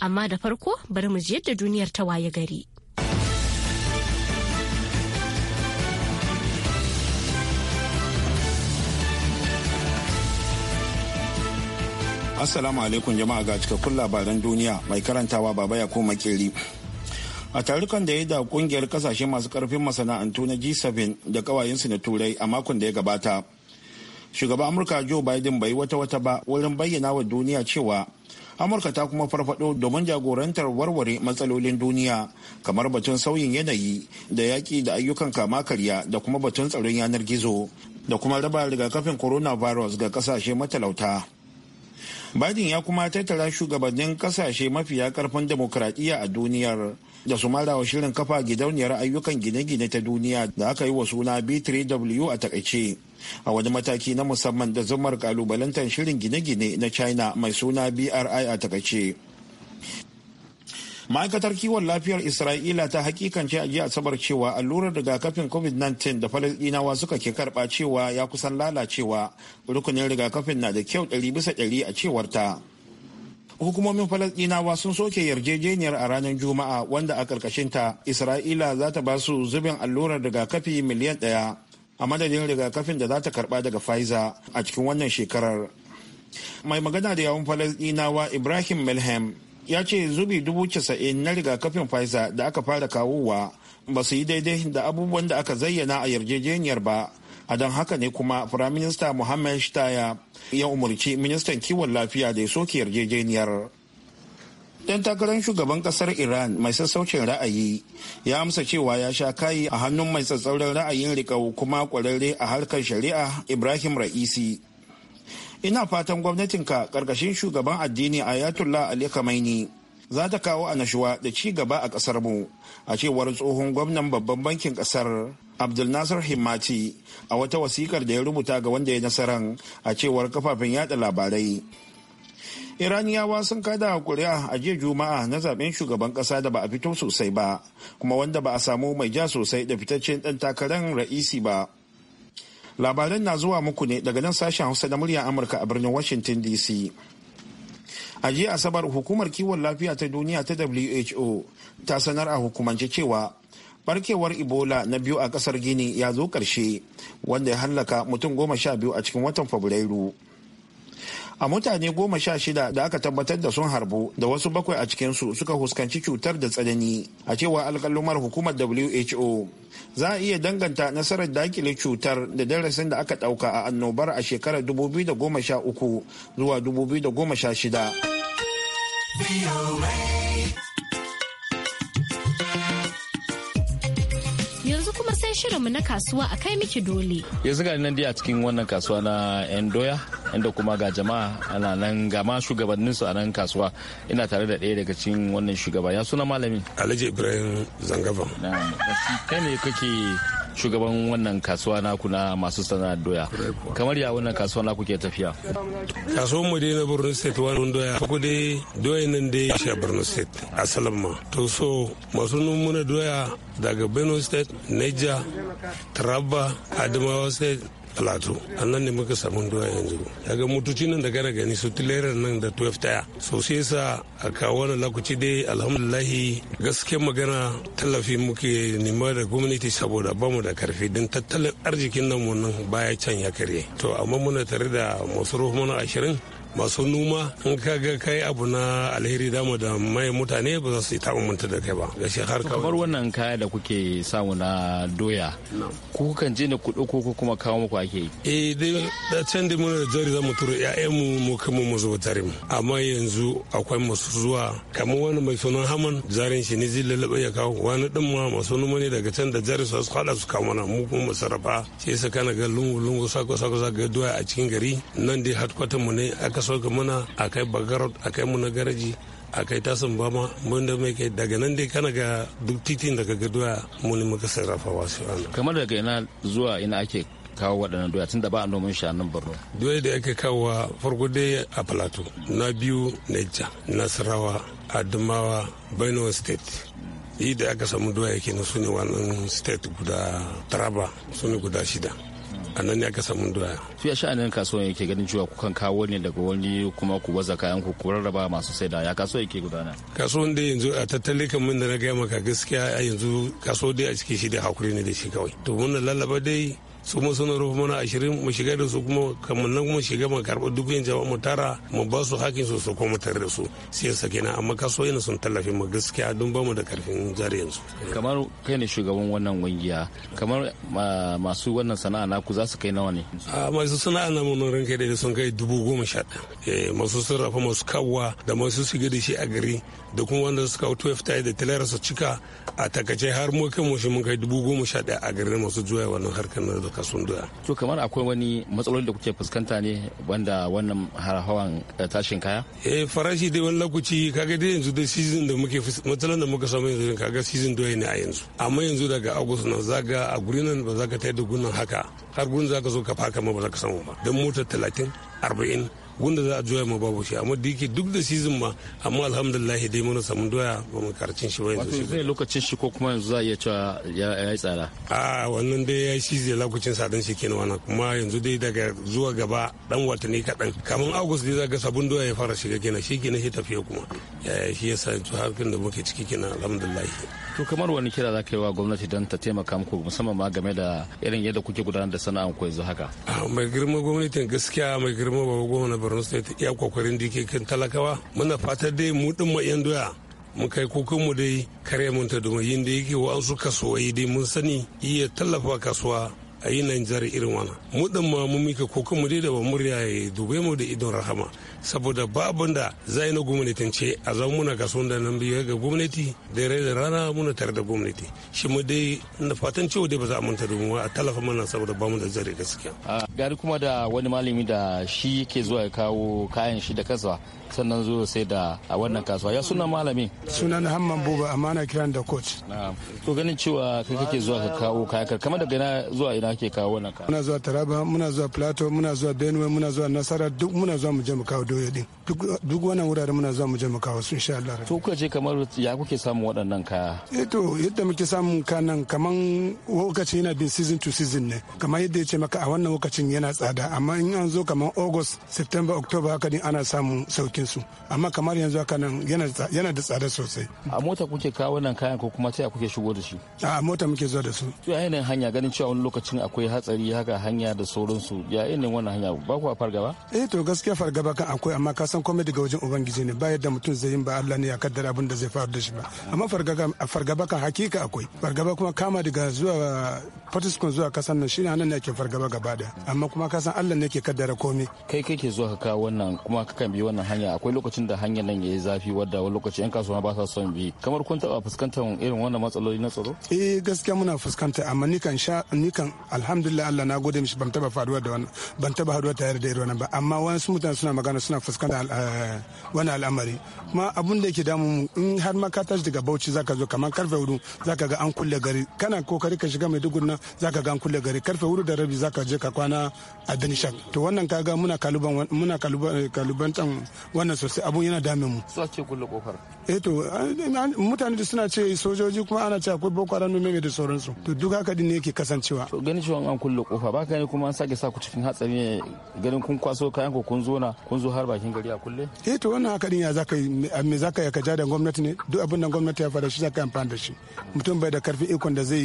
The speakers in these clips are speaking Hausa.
amma da farko bari mu yadda duniyar ta waye gari. Assalamu alaikum jama'a ga cikakkun labaran duniya mai karantawa baba ya koma keri. A tarukan da ya da kungiyar kasashe masu karfin masana'antu na G7 da kawayensu na turai a makon da ya gabata. Shugaban Amurka Joe Biden bai wata wata ba wurin bayyana wa duniya cewa amurka ta kuma farfado domin jagorantar warware matsalolin duniya kamar batun sauyin yanayi da yaƙi da ayyukan kama karya da kuma batun tsaron yanar gizo da kuma raba rigakafin coronavirus ga kasashe matalauta Biden ya kuma tattara shugabannin kasashe mafiya karfin demokradiyya a duniyar da su marawa shirin kafa gidauniyar ayyukan gine-gine ta duniya da aka yi wa suna B3W a takaice. A wani mataki na musamman da zumar kalubalantar shirin gine-gine na China mai suna BRI a takaice. ma'aikatar kiwon lafiyar isra'ila ta hakikance a jiya asabar cewa allurar rigakafin covid-19 da falasdinawa suka ke karba cewa ya kusan lalacewa rukunin rigakafin na da kyau 100 bisa a cewar ta hukumomin falasdinawa sun soke yarjejeniyar a ranar juma'a wanda a karkashinta isra'ila za ta ba su zubin allurar rigakafi miliyan ɗaya a madadin rigakafin da za ta karba daga pfizer a cikin wannan shekarar mai magana da yawon falasdinawa ibrahim milham ya ce zubi dubu casa'in na rigakafin pfizer da aka fara kawowa ba su yi daidai da abubuwan da aka zayyana a yarjejeniyar ba a don haka ne kuma firaminista muhammad shtaya ya umarci ministan kiwon lafiya da ya soke yarjejeniyar dan takarar shugaban kasar iran mai sassaucin ra'ayi ya amsa cewa ya sha kayi a hannun mai tsatsauran ra'ayin riƙau kuma kwararre a harkar shari'a ibrahim ra'isi ina fatan gwamnatin ka karkashin shugaban addini a ali kamaini za ta kawo annashuwa da ci gaba a kasar mu a cewar tsohon gwamnan babban bankin kasar abdul nasir himmati a wata wasikar da ya rubuta ga wanda ya nasaran a cewar kafafen yada labarai iraniyawa sun kada kuri'a a jiya juma'a na zaben shugaban kasa da ba a fito sosai ba kuma wanda ba a samu mai ja sosai da fitaccen dan takarar ra'isi ba labaran na zuwa muku ne daga nan sashen hausa da murya amurka a birnin washington dc a jiya asabar hukumar kiwon lafiya ta duniya ta who ta sanar a hukumance cewa barkewar ebola na biyu a kasar gini ya zo karshe wanda ya hallaka mutum goma sha biyu a cikin watan fabrairu a mutane goma sha shida da aka tabbatar da sun harbu da wasu bakwai a cikinsu suka huskanci cutar da tsanani a cewa alkalumar hukumar who za a iya danganta nasarar dakile cutar da darasin da aka dauka a annobar a shekarar 2013 zuwa 2016 shirinmu na kasuwa a kai miki dole. Yanzu ga nan dai a cikin wannan kasuwa na 'yan doya inda kuma ga jama'a ana nan ga ma shugabannin su a nan kasuwa ina tare da ɗaya daga cikin wannan shugaba ya suna malami. Alhaji Ibrahim Zangaba. Na kai ne kake shugaban wannan kasuwa naku na masu sana'ar doya kamar ya wannan kasuwa naku ke tafiya kasuwan mu dai na borno state wani doya ko dai doya nan dai shi a borno state a ma. to so masu numuna doya daga benue state niger taraba adamawa state plateau an nan ne muka samu doya yanzu daga mutuci nan da gara gani su tilerar nan da 12 taya so sai a kawo wani lakuci dai alhamdulahi gaskiyar magana tallafi muke nema da gwamnati saboda bamu da karfi don tattalin arzikin nan nan baya can ya karye to amma muna tare da masu ruhu mana ashirin masu noma in ka ga kai abu na alheri dama da mai mutane ba za su yi taɓa manta da kai ba ga shekar kawai kamar wannan kaya da kuke samu na doya ku kan je ne kuɗi ko kuma kawo muku ake yi eh dai da can da da jari za mu turo ƴaƴanmu mu kuma mu zo tare mu amma yanzu akwai masu zuwa kamar wani mai sunan haman jarin shi ne zai lallaba ya kawo wani din ma masu noma ne daga can da jari su su kwada su kawo mana mu kuma mu sarrafa sai su kana ga lungu lungu sako sako sako doya a cikin gari nan dai hatkwatan mu ne aka kasuwar ga muna akai bagarot akai muna garaji akai tasin bama mun da mai kai daga nan dai kana ga duk titin daga gaduwa muni muka sarrafa wasu kamar daga ina zuwa ina ake kawo waɗannan doya tun da ba a noman shi a nan borno doya da ake kawowa farko dai a plateau na biyu naija nasarawa adamawa benue state yi da aka samu doya yake na su ne wannan state guda taraba su ne guda shida a nan ne aka samu doya su shi sha'anin kasuwan yake ganin cewa kukan kawo ne daga wani kuma ku baza kayan ku ku rarraba masu saida ya kasuwa yake gudana kasuwan da yanzu a tattali min da na gaya maka gaskiya yanzu kasuwa dai a cikin shi da hakuri ne da shi kawai to mun lallaba dai su mu suna rufe mana ashirin mu shiga da su kuma kamar nan kuma shiga mu karɓi duk yin jama'a mu tara mu ba su hakin su su ko mu tare da su sai sa kenan amma kaso yana sun tallafi mu gaskiya don ba mu da karfin jari yanzu. kamar kai ne shugaban wannan kungiya kamar masu wannan sana'a naku za su kai nawa ne. a masu sana'a na mun ranka da sun kai dubu goma sha ɗaya eh, masu sarrafa masu kawwa da masu shiga da shi a gari da kuma wanda suka wuto fita da tilara su cika a takace har mu kai mu shi mun kai dubu goma sha ɗaya a garin masu juya wannan harkar na kasuwan To kamar akwai wani matsaloli da kuke fuskanta ne wanda wannan harhawan eh, tashin kaya? Eh farashi dai wani lokaci kaga dai yanzu da season da muke matsalolin da muka samu yanzu kaga season doya ne a yanzu. Amma yanzu daga August na zaga a guri nan ba za ka tayar da gunan haka har gurin za ka zo ka faka ma ba za ka samu ba. Don mota talatin arba'in wanda za a joya ma babu shi amma da yake duk da season ma amma alhamdulillah dai mun samu doya ba mu karcin shi ba yanzu shi zai lokacin shi ko kuma yanzu za a iya cewa ya yi tsara a wannan dai ya shi zai lokacin sadan shi kenan wannan kuma yanzu dai daga zuwa gaba dan watanni kaɗan kamar august dai za ga sabon doya ya fara shiga kenan shi kenan shi tafiya kuma shi ya sa yanzu harkar da muke ciki kenan alhamdulillah to kamar wani kira za ka yi wa gwamnati don ta taimaka muku musamman ma game da irin yadda kuke gudanar da sana'an ku yanzu haka mai girma gwamnatin gaskiya mai girma ba gwamnati borno state iya kokarin dikekin talakawa muna fatar dai mu din mu yan doya mu kai kokon mu dai kare mun ta domin da yake wa an su kasuwai dai mun sani iya tallafa kasuwa a yi Nijar irin wannan mu din ma mu mika kokon mu dai da ba murya ya mu da idon rahama saboda ba da zai na gwamnatance a zan muna kaso da nan biyu ga gwamnati da rai da rana muna tare da gwamnati shi mu dai na fatan cewa dai ba za a manta da mu a talafa mana saboda ba mu da zare gaskiya gari kuma da wani malami da shi ke zuwa ya kawo kayan shi da kansa sannan zo sai da a wannan kasuwa ya suna malami sunan hamman buba amana kiran da coach to ganin cewa kai kake zuwa ka kawo kayan kamar daga zuwa ina kake kawo wannan muna zuwa taraba muna zuwa plateau muna zuwa benue muna zuwa nasara duk muna zuwa mu je mu kawo doyo din duk wannan wurare muna za mu je mu kawo su insha Allah to kuka ce kamar ya kuke samun waɗannan kaya eh to yadda muke samun nan kaman lokacin yana bin season to season ne kamar yadda ya ce maka a wannan lokacin yana tsada amma in an zo kamar August September October haka din ana samun saukin su amma kamar yanzu haka nan yana da tsada sosai a mota kuke kawo nan kayan ko kuma ta kuke shigo da shi a mota muke zuwa da su to ya yanayin hanya ganin cewa wani lokacin akwai hatsari haka hanya da sauransu ya yanayin wannan hanya ba ku fargaba eh to gaskiya fargaba kan akwai amma ka san komai daga wajen ubangiji ne ba yadda mutum zai yi ba Allah ne ya kaddara abin da zai faru da shi ba amma fargaba kan hakika akwai fargaba kuma kama daga zuwa fatiskun zuwa kasan nan shine nan ne ake fargaba gaba da amma kuma ka san Allah ne ke kaddara komai kai ke zuwa ka kawo wannan kuma ka kan bi wannan hanya akwai lokacin da hanyar nan yayi zafi wadda wani lokaci yan kasuwa ba sa son bi kamar kun taba fuskantar irin wannan matsaloli na tsaro eh gaskiya muna fuskanta amma ni kan sha ni kan alhamdulillah Allah na gode mishi ban taba faruwa da wannan ban taba haduwa tare da irin wannan ba amma wani mutane suna magana suna fuskantar eh, wani al'amari kuma abun da yake damu in har ma ka tashi daga bauchi zaka zo kamar karfe hudu zaka ga an kulle gari kana kokari ka shiga maiduguri nan zaka ga an kulle gari karfe hudu da rabi zaka je ka kwana a dinshan to wannan kaga muna kaluban muna kaluban eh, wannan sosai abun yana damin mu su ce kulle kofar eh to eh, mutane suna ce sojoji kuma ana ce akwai boko haram ne da sauransu to duk haka din ne yake kasancewa to ganin cewa an kulle kofa baka ne kuma an sake sa ku cikin hatsari ganin kun kwaso kayan ku kun zo na kun zo har bakin gari a kulle eh to wannan haka din ya zaka me zaka ya kaja da gwamnati ne duk abin da gwamnati ya fara shi zaka amfana da shi mutum bai da karfi ikon da zai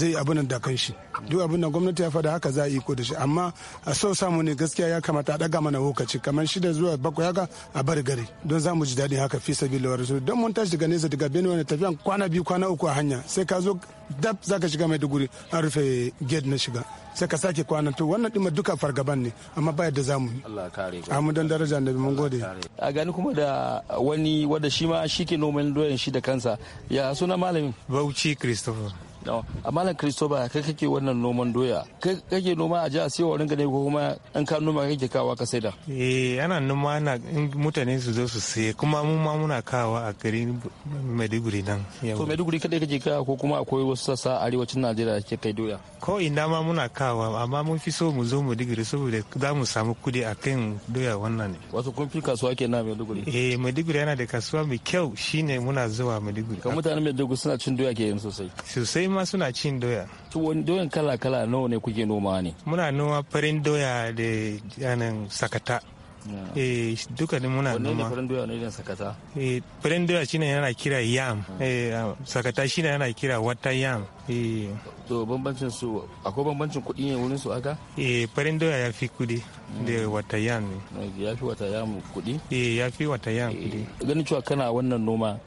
zai abin da kan shi duk abin da gwamnati ya fara haka za a iko da shi amma a so samu ne gaskiya ya kamata a daga mana lokaci kamar shida zuwa bakwai haka a bar gari don za mu ji daɗin haka fi sabila wa rasul don mun tashi daga nesa daga benin ne tafiyan kwana biyu kwana uku a hanya sai ka zo dab za ka shiga maiduguri an rufe gate na shiga sai ka sake kwanan to wannan ɗin duka fargaban ne amma ba yadda za mu yi. Allah kare. Amma don dare daraja annabi mun gode a gani kuma da wani wanda shi ma shi ke noman doyan shi da kansa ya suna malamin bauchi christopher a malam kristoba kai kake wannan noman doya kai kake noma a jihar sewa warin gane ko kuma an ka noma kake kawa ka saida eh ana noma na mutane su zo su saye kuma mu ma muna kawa a garin maiduguri nan to maiduguri kadai kake kawa ko kuma akwai wasu sassa arewacin najeriya ke kai doya ko ina ma muna kawa amma mun fi so mu zo maiduguri saboda za mu samu kudi a kan doya wannan ne wato kun fi kasuwa na maiduguri eh maiduguri yana da kasuwa mai kyau shine muna zuwa maiduguri kan mutanen maiduguri suna cin doya ke yin sosai sosai ma suna cin doya. To wani doyan kala-kala nawa ne kuke noma ne? Muna noma farin doya da yanan sakata. Eh duka ne muna noma. Wanne ne farin doya ne da sakata? Eh farin doya shi ne yana kira yam. Hmm. Eh sakata ne yana kira wata yam. Eh to bambancin su akwai bambancin kuɗi ne wurin su aka? Eh farin doya ya fi kuɗi da hmm. wata yam ne. Ya fi wata yam kuɗi? Eh ya fi wata yam kuɗi. Eh, ganin cewa kana wannan noma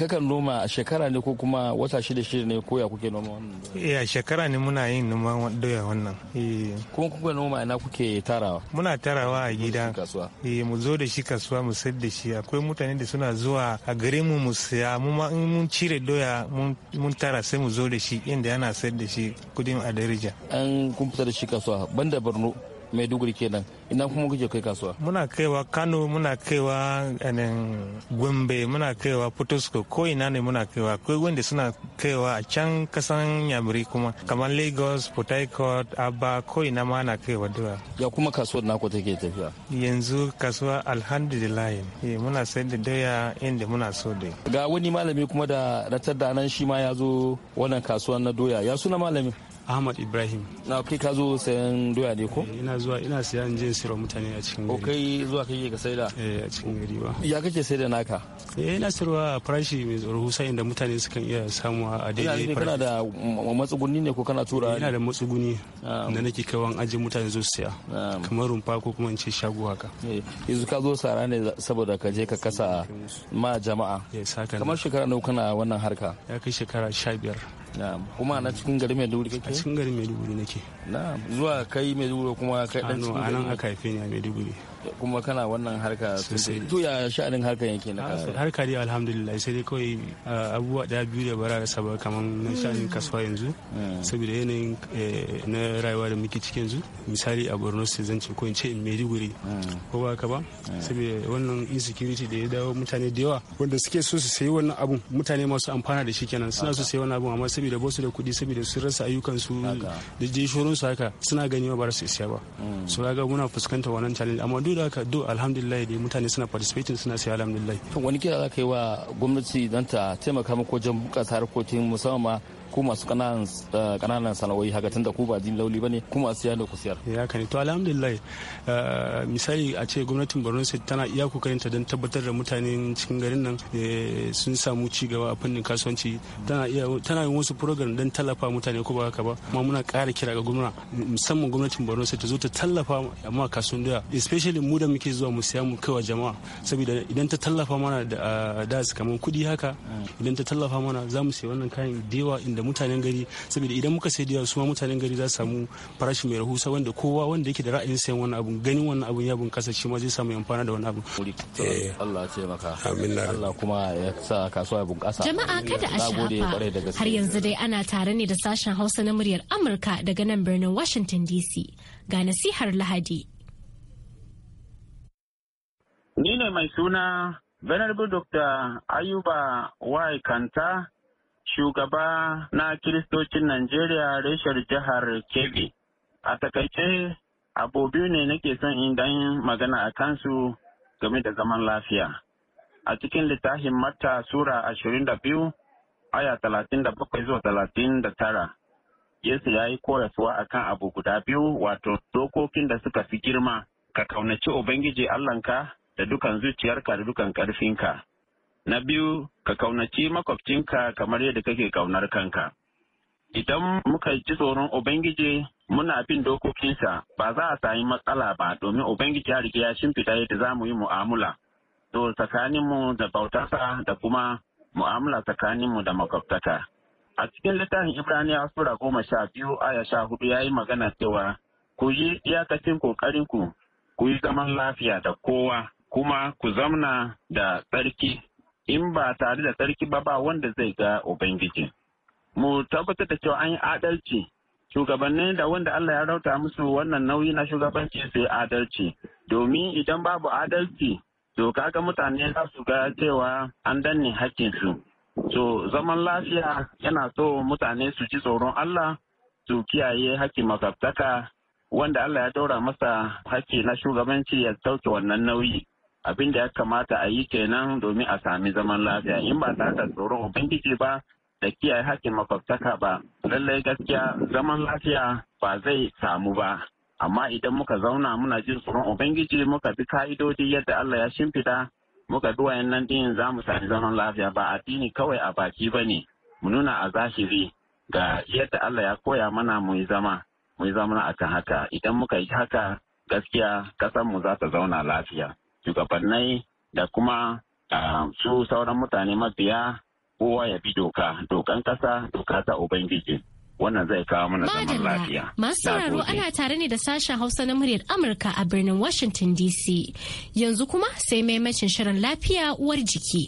kakan noma a shekara ne ko kuma wata shida shida ne ko ya kuke noma wannan eh, a shekara ne muna yin noma doya wannan eh kuma kuka noma ina kuke tarawa muna tarawa a gida eh mu zo da shi kasuwa mu sayar da shi akwai mutane da suna zuwa a gare mu mu saya mu ma in mun cire doya mun tara sai mu zo da shi inda yana sayar da shi kudin a darija an kun fita da shi kasuwa banda Borno maiduguri kenan ina kuma kuke kai kasuwa muna kaiwa kano muna kaiwa gombe muna kaiwa potosko ko ina ne muna kaiwa akwai wanda suna kaiwa a can kasan yamuri kuma kamar lagos port harcourt abba ko ina ma na kaiwa duwa ya kuma kasuwar naku take tafiya yanzu kasuwa alhamdulillah eh, muna sayar da doya inda muna so dai ga wani malami kuma da ratar da nan shi ma ya zo wannan kasuwar na doya ya suna malami Ahmad Ibrahim. Na kai ka zo sayan doya ne ko? Eh, ina zuwa ina siya in je in mutane a cikin gari. kai zuwa kake ka saida? Eh a cikin gari ba. Ya kake saida naka? Eh ina sirwa a farashi mai sai inda mutane sukan iya samu a daidai farashi. Kana da matsuguni ne ko kana tura? Ina da matsuguni da nake wan aje mutane zo su siya. Kamar rumfa ko kuma in ce shago haka. Eh, yanzu ka zo sara ne saboda ka je ka kasa ma jama'a. Eh, Kamar shekara nawa kana wannan harka? Ya kai shekara sha biyar. na'am kuma na cikin garin Maiduguri kake a cikin garin Maiduguri nake na'am zuwa kai Maiduguri kuma kai dan cikin a nan aka haife ni a Maiduguri kuma kana wannan harka sosai to ya sha'anin harka yake na ah, kasuwa harka dai alhamdulillah sai dai kawai ah, abubuwa da biyu da bara da ba kamar na sha'anin hmm. kasuwa yanzu hmm. saboda yanayin eh, na rayuwa da muke cikin yanzu misali a Borno state zan ce ko in ce in Maiduguri hmm. ko ba ka ba saboda wannan insecurity da ya dawo mutane da yawa wanda suke so su sayi wannan abun mutane masu amfana da shi kenan suna so su sayi wannan abun amma saboda ba su da kuɗi saboda sun rasa ayyukan su da jishorin su haka suna ganewa ba su isa ba so ga muna fuskantar wannan challenge amma duk duk da haka duk alhamdulillah dai mutane suna participating suna siya alhamdulillah wani kira za ka yi wa gwamnati don ta taimaka muku wajen bukata harkokin musamman ku masu kananan eh, sana'o'i haka tun da ku ba jin lauli ne ku masu yana ku siyar ya kane to alhamdulillah eh, misali a ce gwamnatin Borno State tana iya ta don tabbatar da mutane cikin garin nan eh, sun samu ci gaba a fannin kasuwanci tana yin wasu program don tallafa mutane ko ba haka ba kuma muna ƙara kira ga gwamna musamman gwamnatin Borno State ta zo ta tallafa amma kasuwan doya especially mu da muke zuwa mu siya mu kaiwa jama'a saboda idan ta tallafa mana da da kamar kuɗi haka mm. idan ta tallafa mana za mu siya wannan kayan da inda da mutanen gari saboda idan muka sai da su ma mutanen gari za su samu farashi mai rahusa wanda kowa wanda yake da ra'ayin sayan wani abun ganin wani abun ya bunkasa shi ma zai samu amfana da wani abu. Eh. Allah ce maka. Amin. Allah kuma ya sa kasuwa ya bunkasa. Jama'a kada a shafa har yanzu dai ana tare ne da sashen Hausa na muryar Amurka daga nan birnin Washington DC ga nasihar Lahadi. Ni ne mai suna Venerable Dr. Ayuba Y. Kanta shugaba na kiristocin Najeriya reshar jihar Kebbi. A takaice abu biyu ne nake son idan magana a kansu game da zaman lafiya. A cikin littafin mata, Sura ashirin da biyu, aya talatin da zuwa talatin da tara. Yesu ya yi korasuwa a kan abu guda biyu wato dokokin da suka fi girma, ka kaunaci Ubangiji Allahnka da dukan zuciyarka da dukan ƙarfinka. Na biyu, ka kaunaci makwabcinka kamar yadda kake kaunar kanka. Idan muka ji tsoron Ubangiji muna bin dokokinsa ba za a sami matsala ba domin Ubangiji ya riga ya da yadda za mu yi mu'amala. To tsakaninmu da bautasa, da kuma mu'amala tsakaninmu da makwabtaka. A cikin littafin Ibraniya Sura goma sha biyu aya sha hudu ya yi magana cewa ku yi iyakacin ƙoƙarinku ku yi zaman lafiya da kowa kuma ku zamna da tsarki in ba tare da tsarki ba ba wanda zai ga ubangiji mu tabbatar da cewa an yi adalci shugabanni da wanda Allah ya rauta musu wannan nauyi na shugabanci su yi adalci domin idan babu adalci to kaga mutane za su ga cewa an danne hakkinsu to zaman lafiya yana so mutane su ji tsoron Allah su kiyaye hakkin mazabtaka wanda Allah ya daura masa haƙƙi na shugabanci ya sauke wannan nauyi abin da ya kamata a yi kenan domin a sami zaman lafiya in ba tare da tsoron ubangiji ba da kiyaye haƙƙin makwabtaka ba lallai gaskiya zaman lafiya ba zai samu ba amma idan muka zauna muna jin tsoron ubangiji muka bi ka'idodi yadda Allah ya shimfida muka bi wayannan din za mu sami zaman lafiya ba addini kawai a baki ba ne mu nuna a zahiri ga yadda Allah ya koya mana mu yi zama mu yi zama akan haka idan muka yi haka gaskiya ƙasarmu mu za ta zauna lafiya shugabannai da kuma su sauran mutane mabiya kowa ya bi doka dokan kasa doka ta ubangiji wannan zai kawo mana zaman lafiya. Masu sauraro ana tare ne da sashen Hausa na muryar Amurka a birnin Washington DC. Yanzu kuma sai maimacin shirin lafiya uwar jiki.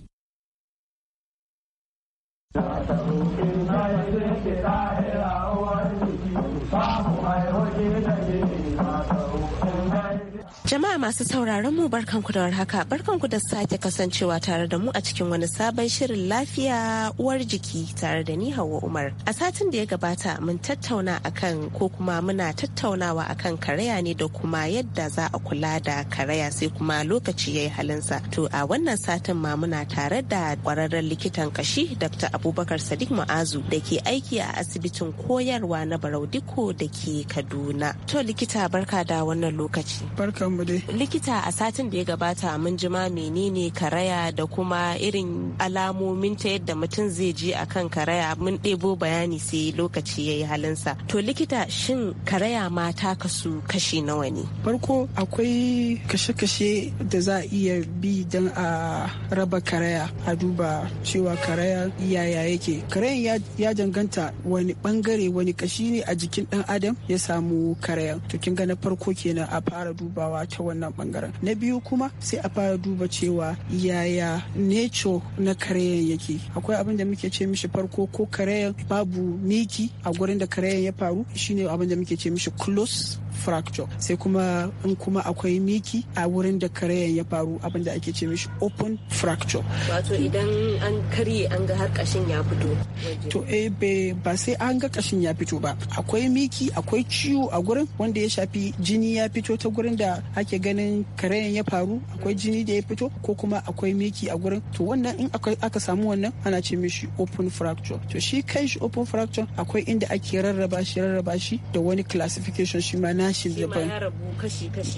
Jama'a masu sauraron mu barkanku da warhaka barkanku da sake kasancewa tare da mu a cikin wani sabon shirin lafiya uwar jiki tare da ni Hauwa Umar. A satin da ya gabata mun tattauna akan ko kuma muna tattaunawa akan karaya ne da kuma yadda za a kula da karaya sai kuma lokaci yayi halinsa. To a wannan satin ma muna tare da kwararren likitan kashi Dr. Abubakar Sadiq Mu'azu da ke aiki a asibitin koyarwa na Barau Diko da ke Kaduna. To likita barka da wannan lokaci. Barkan mu dai likita a satin da ya gabata mun jima menene karaya da kuma irin alamomin ta yadda mutum zai ji kan karaya mun ɗebo bayani sai lokaci ya yi halinsa to likita shin karaya ma ta kasu kashi nawa ne farko akwai kashe-kashe da za a iya bi don a raba karaya a duba cewa karaya yaya yake karayan ya danganta wani bangare wani kashi ne a jikin dan adam ya samu karayan to kin ga na farko kenan a fara dubawa ta wannan bangaren na biyu kuma sai a fara duba cewa yaya neco na kareyan yake akwai abin da muke ce mishi farko ko kareyan babu miki a gurin da kareyan ya faru shine abin da muke ce mishi close fracture sai kuma in kuma akwai miki a wurin da karayen ya faru abin ake ce mishi open fracture wato idan an karye an ga har kashin ya fito to eh ba sai an ga kashin ya fito ba akwai miki akwai ciwo a gurin wanda ya shafi jini ya fito ta gurin da ake ganin karayen ya faru akwai jini da ya fito ko kuma akwai miki a gurin to wannan in aka samu wannan ana ce mishi open fracture to shi kai shi open fracture akwai inda ake rarraba shi rarraba shi da wani classification shi ma nashi daban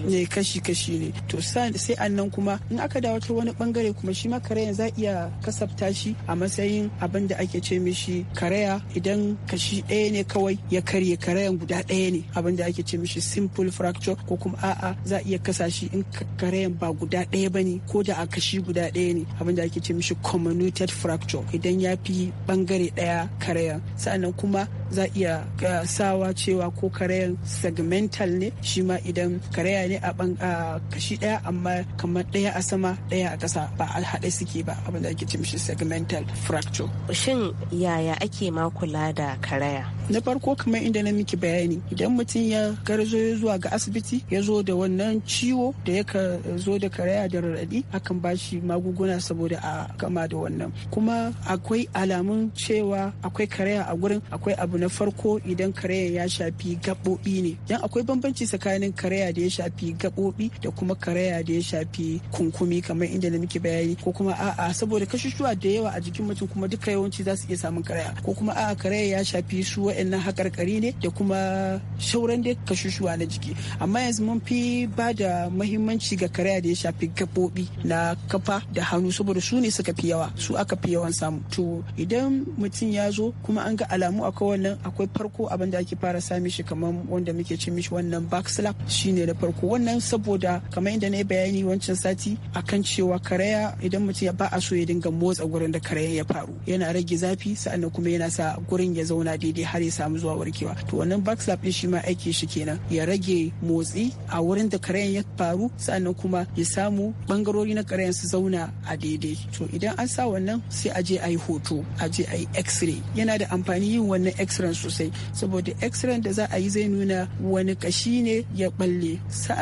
ne eh, kashi kashi ne to sai annan kuma in aka dawo ta wani bangare kuma shi ma karayan za iya kasafta shi a matsayin abin da ake ce mishi karaya idan kashi ɗaya ne kawai ya karye karayan guda ɗaya ne abin da ake ce mishi simple fracture ko kuma a'a za iya kasa shi in karayan ba guda ɗaya ba ne ko da a kashi guda ɗaya ne abin da ake ce mishi comminuted fracture idan ya fi bangare ɗaya karayan sa'annan kuma za iya sawa cewa ko karayan segmental ne shi ma idan karaya ne a kashi daya amma kamar daya a sama daya a kasa ba a haɗe suke ba abin da ake cimshi segmental fracture shin yaya ake ma kula da karaya na farko kamar inda na miki bayani idan mutum ya garzo ya zuwa ga asibiti ya zo da wannan ciwo da ya zo da karaya da raɗaɗi akan ba shi magunguna saboda a gama da wannan kuma akwai alamun cewa akwai karaya a gurin akwai abu na farko idan karaya ya shafi gaɓoɓi ne dan akwai bambanci tsakanin karaya da ya shafi gaɓoɓi da kuma karaya da ya shafi kunkumi kamar inda na muke bayani ko kuma a'a saboda kashushuwa da yawa a jikin mutum kuma duka yawanci za su iya samun karaya ko kuma a'a karaya ya shafi su wa'annan haƙarƙari ne da kuma shauran da kashushuwa na jiki amma yanzu mun fi ba da mahimmanci ga karaya da ya shafi gaɓoɓi na kafa da hannu saboda su ne suka fi yawa su aka fi yawan samu to idan mutum ya zo kuma an ga alamu a kowane nan akwai farko abin da ake fara sami shi kamar wanda muke ce mishi wannan back slap shine na farko wannan saboda kamar inda na yi bayani wancan sati akan cewa karaya idan mutum ya ba a so ya dinga motsa gurin da karayan ya faru yana rage zafi sa'annan kuma yana sa gurin ya zauna daidai har ya samu zuwa warkewa to wannan back slap din shi ma aiki shi kenan ya rage motsi a wurin da karayan ya faru sa'annan kuma ya samu bangarori na karayan su zauna a daidai to idan an sa wannan sai a je a yi hoto a je a yi x-ray yana da amfani yin wannan x x-ray sosai saboda x-ray da za a yi zai nuna wani kashi ne ya balle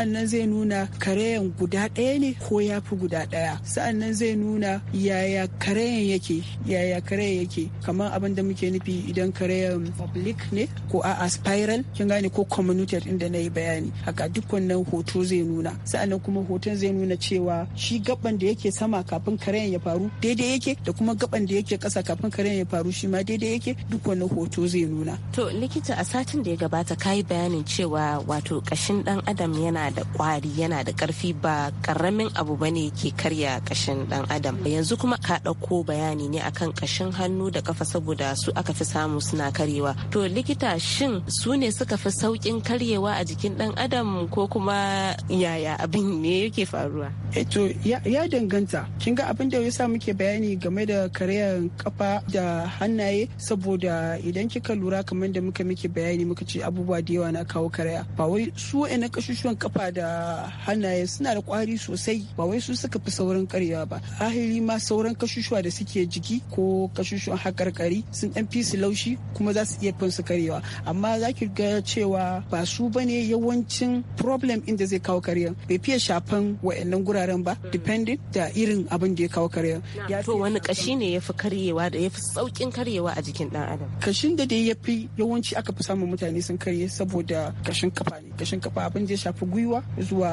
nan zai nuna karayan guda ɗaya ne ko ya fi guda ɗaya sa'an nan zai nuna yaya karayan yake yaya karayan yake kamar abin da muke nufi idan karayan public ne ko a spiral kin gane ko comminuted inda na yi bayani haka duk wannan hoto zai nuna sa'an nan kuma hoton zai nuna cewa shi gaban da yake sama kafin karayan ya faru daidai yake da kuma gaban da yake ƙasa kafin karayan ya faru shi ma daidai yake duk wannan hoto zai ya nuna. To likita a satin da ya gabata ka yi bayanin cewa wato kashin dan adam yana da kwari yana da karfi ba karamin abu ba ne ke karya kashin dan adam. Yanzu kuma ka ɗauko bayani ne akan kashin hannu da kafa saboda su aka fi samu suna karyewa. To likita shin su ne suka fi saukin karyewa a jikin dan adam ko kuma yaya abin ne yake faruwa? Eh, to ya danganta. Kin ga abin da ya sa muke bayani game da karyar kafa da hannaye saboda idan kika muka lura kamar da muka miki bayani muka ce abubuwa da yawa na kawo karaya ba wai su na kashushuwan kafa da hannaye suna da kwari sosai ba wai su suka fi saurin karyawa ba ahiri ma sauran kashushuwa da suke jiki ko kashushuwan hakarkari sun dan fi su laushi kuma za su iya fin su karyawa amma za ki ga cewa ba su bane yawancin problem da zai kawo karya bai fiye shafan wa'annan guraren ba depending da irin abin da ya kawo Ya to wani kashi ne ya fi karyewa da ya fi saukin karyewa a jikin dan adam. kashin da dai ya fi yawanci aka fi samun mutane sun karye saboda kashin kafa ne kashin kafa abin da ya shafi gwiwa zuwa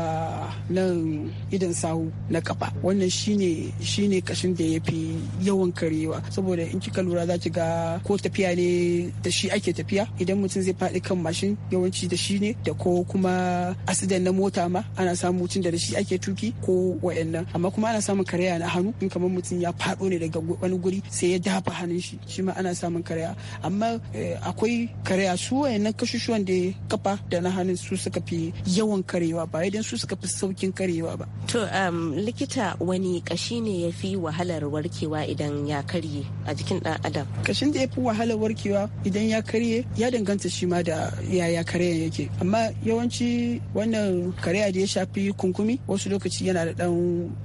nan idan sahu na kafa wannan shine shine kashin da ya fi yawan karyewa saboda in kika lura za ki ga ko tafiya ne da shi ake tafiya idan mutum zai faɗi kan mashin yawanci da shi ne da ko kuma asidan na mota ma ana samun mutum da shi ake tuki ko wayannan amma kuma ana samun karaya na hannu in kamar mutum ya faɗo ne daga wani guri sai ya dafa hannun shi shi ma ana samun karaya amma Eh, akwai karya su wayannan kashushuwan da kafa da na hannun su suka fi yawan karewa ba idan su suka fi saukin karewa ba to um, likita wani kashi ne ya fi wahalar warkewa idan ya karye a jikin dan adam kashin da ya fi wahalar warkewa idan ya karye ya danganta shi ma da yaya karyan yake amma yawanci wannan karya da ya shafi kunkumi wasu lokaci yana da dan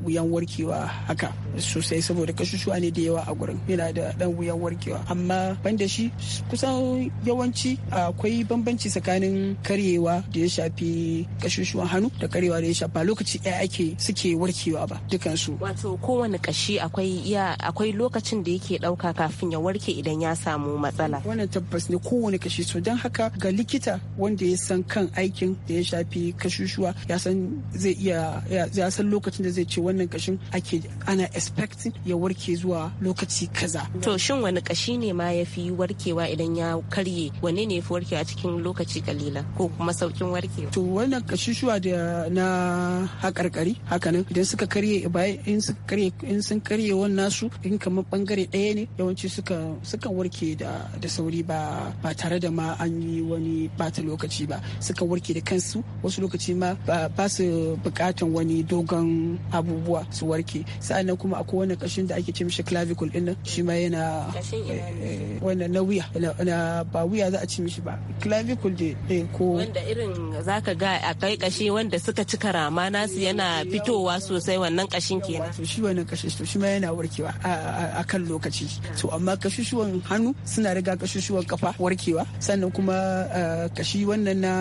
wuyan warkewa haka sosai saboda kashushuwa ne da yawa a gurin yana da dan wuyan warkewa amma ban da shi kusan yawanci akwai bambanci tsakanin karyewa da ya shafi kashushuwan hannu da karyewa da ya shafi lokaci ɗaya ake suke warkewa ba dukansu wato kowane kashi akwai iya akwai lokacin da yake ɗauka kafin ya warke idan ya samu matsala wannan tabbas ne kowane kashi so don haka ga likita wanda ya san kan aikin da ya shafi kashushuwa ya san zai iya ya san lokacin da zai ce wannan kashin ake ana expecting ya warke zuwa lokaci kaza to shin wani kashi ne ma ya fi warkewa idan ya karye wani ne ya fi warkewa cikin lokaci kalila ko kuma saukin warkewa to wannan shuwa da na hakarkari hakanan idan suka karye bayan in suka karye in sun karye wannan su in kamar bangare ɗaya ne yawanci suka suka warke da da sauri ba ba tare da ma an yi wani bata lokaci ba suka warke da kansu wasu lokaci ma ba su bukatan wani dogon abubuwa su warke sa'annan kuma kuma akwai wani kashin da ake ce mishi clavicle din nan shi ma yana eh, eh, wannan na wuya na ba wuya za a ce mishi ba clavicle de eh, ko wanda irin zaka ga akwai kashi wanda suka cika rama nasu yana fitowa sosai wannan kashin kenan to shi wannan kashin to shi ma yana warkewa a kan lokaci to amma kashushuwan hannu suna riga kashushuwan kafa warkewa sannan kuma kashi wannan na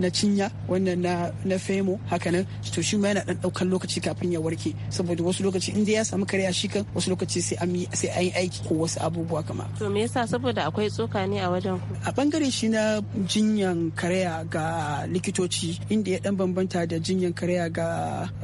na cinya wannan na na femo hakanan to shi ma yana dan daukan lokaci kafin ya warke saboda wasu lokaci in ya samu karya shi kan wasu lokaci sai an yi aiki ko wasu abubuwa kama. To me yasa saboda akwai tsoka ne a wajen ku? A bangare shi na jinyan karaya ga likitoci inda ya dan bambanta da jinyan karaya ga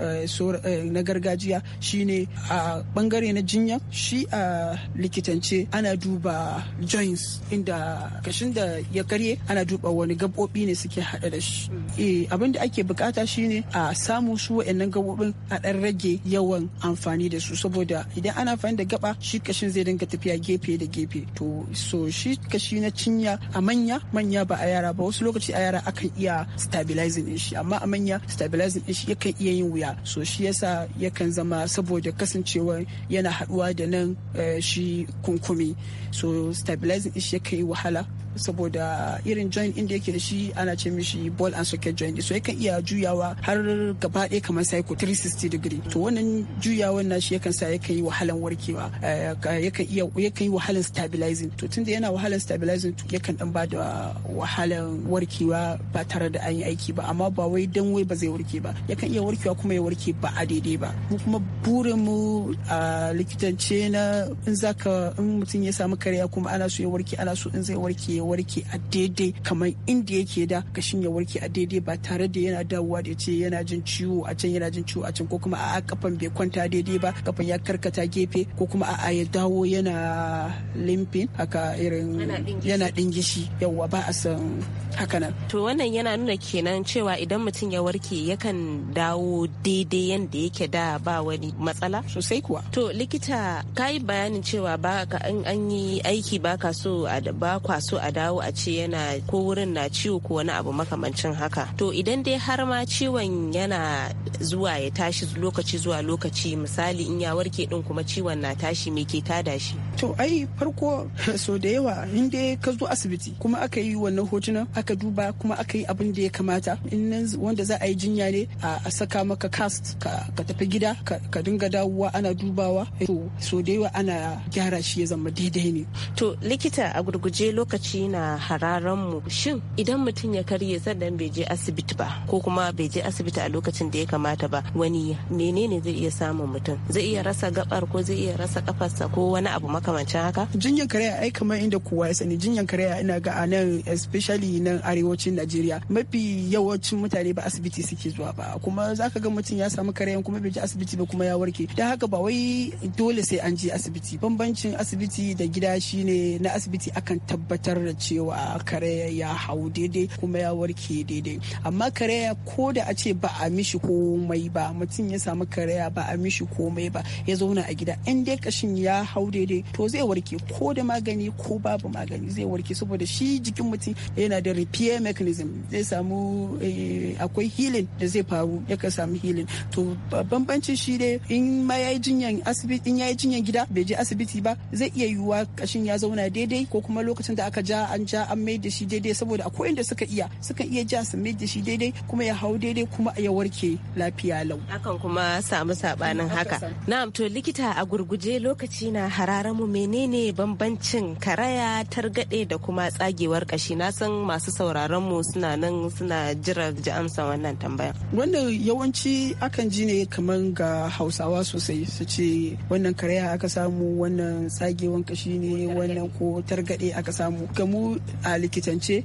eh, eh, na gargajiya shine a bangare na jinyan shi a likitance ana duba joints inda kashin da ya karye ana duba wani gabobi ne suke hada da shi. Eh, abin da ake bukata shine a samu su wa'annan gabobin a dan rage yawan amfani da su su saboda idan ana amfani da gaba shi kashin zai dinga tafiya gefe da gefe to so shi kashi na cinya a manya manya ba a yara ba wasu lokaci a yara akan iya stabilizing din shi amma a manya stabilizing din shi yakan iya yin wuya so shi yasa yakan zama saboda kasancewa yana haduwa da nan eh, shi kunkumi so stabilizing din shi yakan yi wahala saboda irin join in da yake da shi ana ce mishi ball and socket joint so yakan iya juyawa har gaba ɗaya kamar psycho 360 degree to wannan juyawan nashi yakan sa yakan yi wahalan warkewa eh, yakan iya yakan yi wahalan stabilizing to tunda yana wahalan stabilizing to yakan dan da wahalan warkewa ba tare da an yi aiki ba amma ba wai dan wai ba zai warke ba yakan iya warkewa kuma ya warke ba a daidai ba mu kuma burin mu a likitance na in zaka in mutum ya samu karya kuma ana so ya warke ana so in zai warke ya warke a daidai kamar inda yake da kashin ya warke a daidai ba tare da yana dawowa da ce yana jin ciwo a can yana jin ciwo a can ko kuma a kafan bai kwanta daidai ba kafan ya karkata gefe ko kuma a ya dawo yana limfin haka irin yana dingishi yawa ba a san haka nan to wannan yana nuna kenan cewa idan mutum ya warke yakan dawo daidai yanda yake da ba wani matsala sosai kuwa to likita ka yi bayanin cewa ba ka an yi aiki ba ka so a ba kwa so a dawo a ce yana ko wurin na ciwo ko wani abu makamancin haka to idan dai har ma ciwon yana zuwa ya tashi lokaci zuwa lokaci misali in ya warke din kuma ciwon na tashi me ke tada shi to ai farko so da yawa in dai ka zo asibiti kuma aka yi wannan hotunan aka duba kuma aka yi abin da ya kamata in wanda za a yi jinya ne a saka maka cast ka tafi gida ka dinga dawowa ana dubawa to so da yawa ana gyara shi ya zama daidai ne to likita a gurguje lokaci na hararan mu shin idan mutum ya karye sannan bai je asibiti ba ko kuma bai je asibiti a lokacin da ya kamata ba wani menene zai iya samun mutum zai iya rasa gabar ko zai iya rasa kafarsa ko wani abu makamancin haka jinyan karaya ai kamar inda kowa ya sani jinyan karaya ina ga a nan especially nan arewacin Najeriya mafi yawancin mutane ba asibiti suke zuwa ba kuma zaka ga mutum ya samu karayan kuma bai je asibiti ba kuma ya warke dan haka ba wai dole sai an je asibiti bambancin asibiti da gida shine na asibiti akan tabbatar da cewa kare ya hau daidai kuma ya warke daidai amma kare ko da a ce ba a mishi komai ba mutum ya samu kare ba a mishi komai ba ya zauna a gida in dai kashin ya hau daidai to zai warke ko da magani ko babu magani zai warke saboda shi jikin mutum yana da repair mechanism zai samu eh, akwai healing da zai faru ya ka samu healing to bambancin shi dai in ma yayi jinyan asibiti in yi jinyan gida bai je asibiti ba zai iya yiwuwa kashin ya zauna daidai ko kuma lokacin da aka ja an ja an mai da shi daidai saboda akwai inda suka iya suka iya ja su mai da shi daidai kuma ya hau daidai kuma ya warke lafiya lau hakan kuma samu sabanin haka na'am to likita a gurguje lokaci na hararen mu menene bambancin karaya targade da kuma tsagewar kashi na san masu sauraron mu suna nan suna jira ji amsa wannan tambaya wannan yawanci akan ji ne kamar ga hausawa sosai su ce wannan karaya aka samu wannan tsagewar kashi ne wannan ko targade aka samu mu a likitance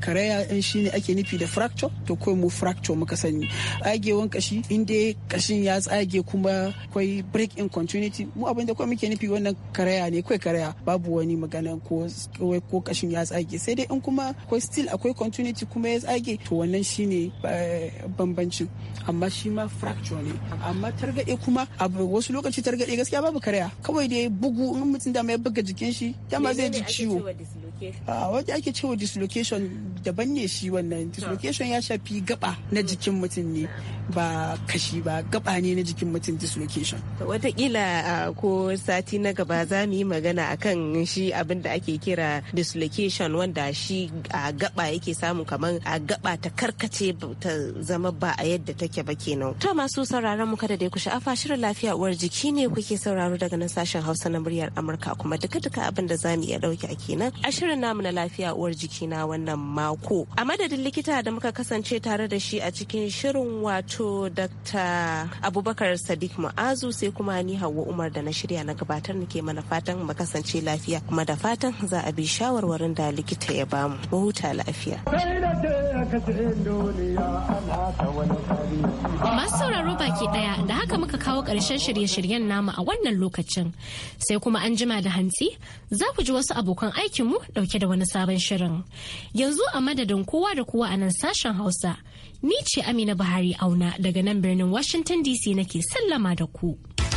karaya shi ne ake nufi da fracture to kai mu fracture muka sani agewan kashi in kashin ya tsage kuma kai break in continuity mu abin da kawai muke nufi wannan karaya ne kai karaya babu wani magana ko ko kashin ya tsage sai dai in kuma akwai still akwai continuity kuma ya tsage to wannan shine eh, bambancin amma shi ma fracture ne amma targade kuma a wasu lokaci targade gaskiya babu karaya kawai dai bugu in mutum da mai buga jikin shi dama zai ji ciwo wajen ake cewa dislocation daban ne shi wannan dislocation ya shafi gaba na jikin mutum ne ba kashi ba gaba ne na jikin mutum dislocation watakila ko sati na gaba za mu yi magana akan shi abin da ake kira dislocation wanda shi a gaba yake samu kamar a gaba ta karkace ta zama ba a yadda take ba kenan to masu sauraron mu kada dai ku sha'afa shirin lafiya uwar jiki ne kuke sauraro daga nan sashen hausa na muryar amurka kuma duka-duka abin da za mu iya dauke a kenan a shirin namu na lafiya uwar jiki na wannan mako. A madadin likita da muka kasance tare da shi a cikin shirin wato Dr. Abubakar Sadiq Ma'azu sai kuma ni Hauwa Umar da na shirya na gabatar nake mana fatan mu kasance lafiya kuma da fatan za a bi shawarwarin da likita ya bamu. Mu huta lafiya. Masu sauraro baki daya da haka muka kawo karshen shirye-shiryen namu a wannan lokacin. Sai kuma an jima da hantsi za ku ji wasu abokan aikinmu da dauke da wani sabon shirin. Yanzu a madadin kowa da kowa a nan sashen Hausa, ni ce Amina Buhari auna daga nan birnin Washington DC nake sallama da ku.